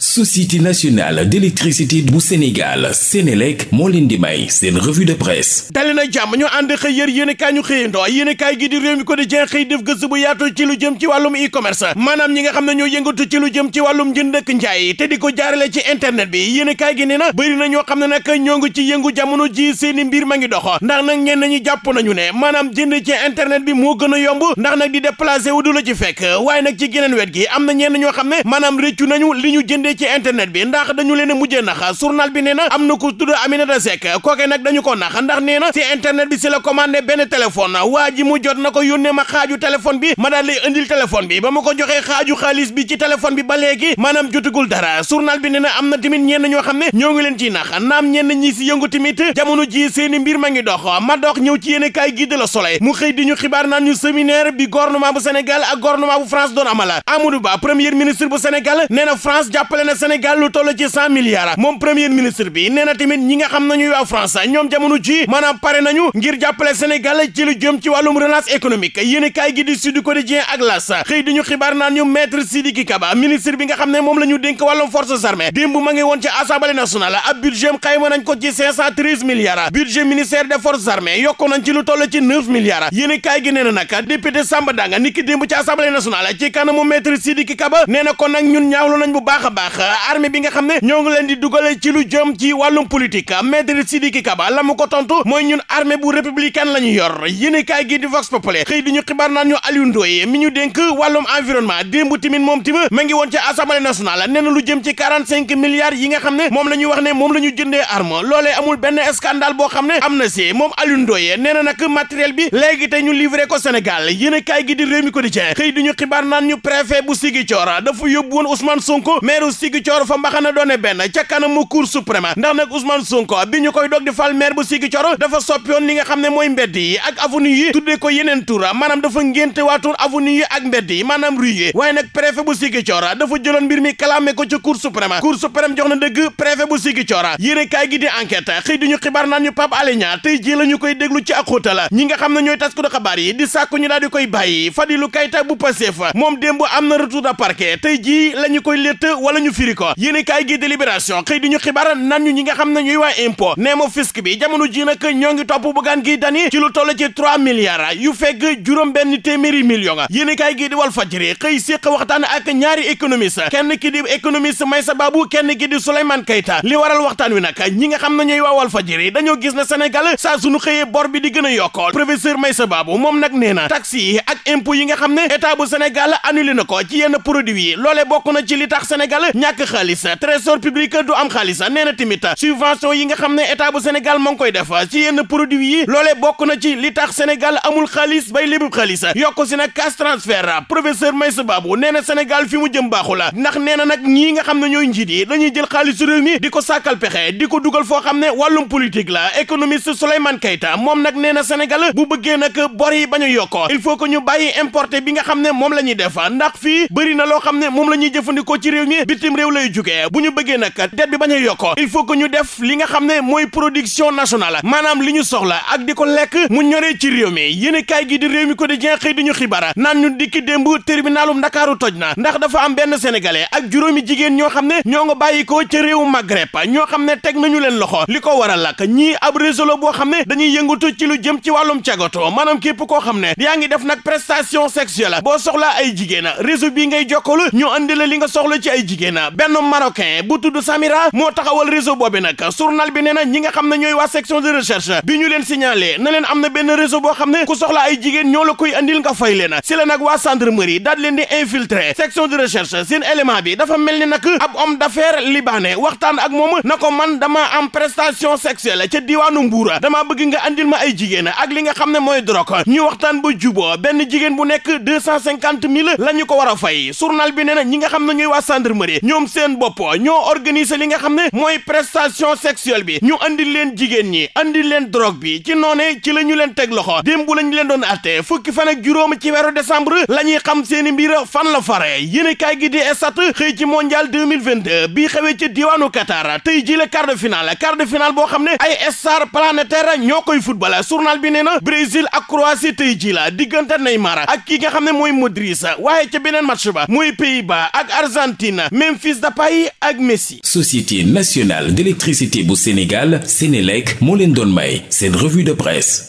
société nationale d'électricité bu Sénégal Sénélec moo leen di may seen revue de presse dali na jàmm ñu ànd xëy yër yéenekaay ñu xëyandoo yéenekaay gi di réew mi ko di jen xëy def gëstu bu yaatu ci lu jëm ci wàllum e-commerce maanaam ñi nga xam ne ñoo yëngatu ci lu jëm ci wàllum njënd ak njaay te di ko jaarale ci internet bi yéenekaay gi nee na bëri na ñoo xam ne nag ñoo ngi ci yëngu jamono ji seeni mbir ma ngi dox ndax nag ñenn ñi jàpp nañu ne maanaam jënd ci internet bi moo gën a yomb ndax nag di déplacé wu du la ci fekk waaye nag gi am na ñenn ñoo xam ne maanaam rëccu nañu li ñu tuddee ci internet bi ndax dañu leen a mujjee nax journal bi nee na am na ku tudd Aminata Seck kooke nag dañu ko nax ndax nee na ci internet bi si la commandé benn téléphone waa ji mu jot na ko yónnee ma xaaju téléphone bi ma daal lay indil téléphone bi ba ma ko joxee xaaju xaalis bi ci téléphone bi ba léegi maanaam jotugul dara journal bi nee na am na tamit ñenn ñoo xam ne ñoo ngi leen ciy nax naam ñenn ñi si yëngu tamit jamono ji seeni mbir ma ngi dox ma dox ñëw ci yéene kaay gi de la Soleil mu xëy di ñu xibaar naan ñu séminaire bi gouvernement bu Sénégal ak gouvernement bu France doon amala Amadou Ba premier ministre bu Sénégal nee na France jàppale jàppale na Sénégal lu toll ci cent milliards moom premier ministre bi nee na tamit ñi nga xam nañuy waa France ñoom jamono ji maanaam pare nañu ngir jàppale Sénégal ci lu jëm ci wàllum relance économique yéen kaay gi di Sud Quotidien ak L'As xëy di ñu xibaar naan ñu maître Kaba ministre bi nga xam ne moom la ñu dénk wàllum forces armées démb ma ngi woon ci assemblée nationale ab budget xayma nañ ko ci cinq cent treize milliards budget ministère des forces armées yokk nañ ci lu toll ci neuf milliards na nag député Samba Danga niki na kon nag ñun ñaawlu nañ bu baax a baax armée bi nga xam ne ñoo ngi leen di dugale ci lu jëm ci wàllum politique maître Sidiki Kaba la mu ko tontu mooy ñun armée bu républicaine la ñu yor yéen kaay gi di Vox Populi xëy di ñu xibaar na ñu Aliou Ndoye mi ñu dénk wàllum environnement bu tamit moom tamit ma ngi woon ci assemblée nationale nee na lu jëm ci quarante cinq milliards yi nga xam ne moom la ñuy wax ne moom la ñu jëndee arme loolee amul benn scandale boo xam ne am na si moom Aliou Ndoye nee na nag matériel bi léegi te ñu livré ko Sénégal yéen kaay gi di Rewmi Quotidien xëy di ñu xibaar naan ñu préfet bu Ziguinchor Sonko sigi coor fa mbaxana doone benn ca kanamu cour suprême ndax nag Ousmane Sonko bi ñu koy dog di fal maire bu sigi dafa soppiyoon li xam ne mooy mbedd yi ak avenue yi tudde ko yeneen tur maanaam dafa ngénte waatuur avenue yi ak mbedd yi maanaam rue yi waaye nag bu sigi coor dafa jëloon mbir mi kalaame ko ca cour suprême cour suprême jox na dëgg préfet bu sigi coor yéene kaay gi di enquête di ñu xibaar naan ñu Pape Alé Niang tey ji la ñu ne ñooy taskatu xabaar yi di sàkku ñu daal di koy bàyyi Fadilou Keita bu Pastef moom démb am na retour wala ñu firi ko yéen i kaay gi délibération xëy di ñu xibaar nan ñu ñi nga xam ne ñuy waa impôt nee ma fisc bi jamono ji nag ñoo ngi topp buggaan gi dani ci lu toll ci trois milliards yu fekk juróom benn téeméeri million yéen i kaay gi di wal fajri xëy séq waxtaan ak ñaari économiste kenn ki di économiste Maysa Babou kenn ki di Souleymane Keita li waral waxtaan wi nag ñi nga xam ne ñooy waa wal fajri dañoo gis na Sénégal saa suñu xëyee bor bi di a na taxi yi ak impôt yi nga xam ne état bu Sénégal annulé na ko ci yenn produit yi loolee bokk ñàkk xaalis trésor public du am xaalis nee na tamit yi nga xam ne état bu Sénégal moo ngi koy def ci yenn produit yi loolee bokk na ci li tax Sénégal amul xaalis bay lébu xaalis yokk si nag cash transfert professeur Maïssa Babou nee na Sénégal fi mu jëm baaxul ndax nee na nag ñii nga xam ne ñooy njiit yi dañuy jël xaalisu réew mi di ko sàkkal pexe di ko dugal foo xam ne wàllum politique la économiste Souleymane Keita moom nag nee na Sénégal bu bëggee nag bor yi bañ a yokkoo il faut que ñu bàyyi importé bi nga xam ne moom la ñuy def ndax fii bëri na loo xam ne moom la ñuy jëfandikoo ci réew mi bitim réew lay jugee bu ñu bëggee nag dette bi bañ a yokko il faut que ñu def li nga xam ne mooy production nationale maanaam li ñu soxla ak di ko lekk mu ñoree ci réew mi yéen kaay gi di réew mi quotidien xëy di ñu xibaar naan ñu dikki démb tribunalum Ndakaaru toj na ndax dafa am benn sénégalais ak juróomi jigéen ñoo xam ne ñoo nga bàyyi ko ca réewu Maghreb ñoo xam ne teg nañu leen loxo li ko waral ak ñii ab réseau boo xam ne dañuy yëngatu ci lu jëm ci wàllum cagatu maanaam képp koo xam ne yaa ngi def nag prestation sexuelle boo soxlaa ay jigéen réseau bii ngay jokkolu ñu andi li nga soxla ci ay jigéen Nigeria benn marocain bu tudd Samira moo taxawal réseau na nag journal bi nee na ñi nga xam ne ñooy waa section de recherche bi ñu leen signalé na leen am na benn réseau boo xam ne ku soxla ay jigéen ñoo la koy andil nga fay na si la nag waa gendarmerie daal leen di infiltrer section de recherche seen élément bi dafa mel ni nag ab homme d'affaires libanais waxtaan ak moom na ko man dama am prestation sexuelle ca diwaanu Mbuur dama bëgg nga andil ma ay jigéen ak li nga xam ne mooy drogue ñu waxtaan ba juboo benn jigéen bu nekk deux cent cinquante mille la ñu ko war a fay journal bi nee ñi nga xam ne ñooy waa gendarmerie ñoom seen bopp ñoo organiser li nga xam ne mooy prestation sexuelle bi ñu andi leen jigéen ñi andi leen drogue bi ci noone ci la ñu leen teg loxo démb la ñu leen doon atte fukki fan ak juróom ci weeru décembre la ñuy xam seeni mbir fan la fare yéen kaay gi di esat xëy ci mondial 2022 bii xewee ci diwaanu Qatar tey ji la quart de finale quart de boo xam ne ay star planétaire ñoo koy football journal bi nee na Brésil ak Croatie tey ji la diggante Neymar ak ki nga xam ne mooy Modric waaye ca beneen match ba muy Pays-Bas ak Memphis Depay ak Messi. Société nationale d'électricité bu Sénégal Sénélec moo leen doon may seen revue de presse.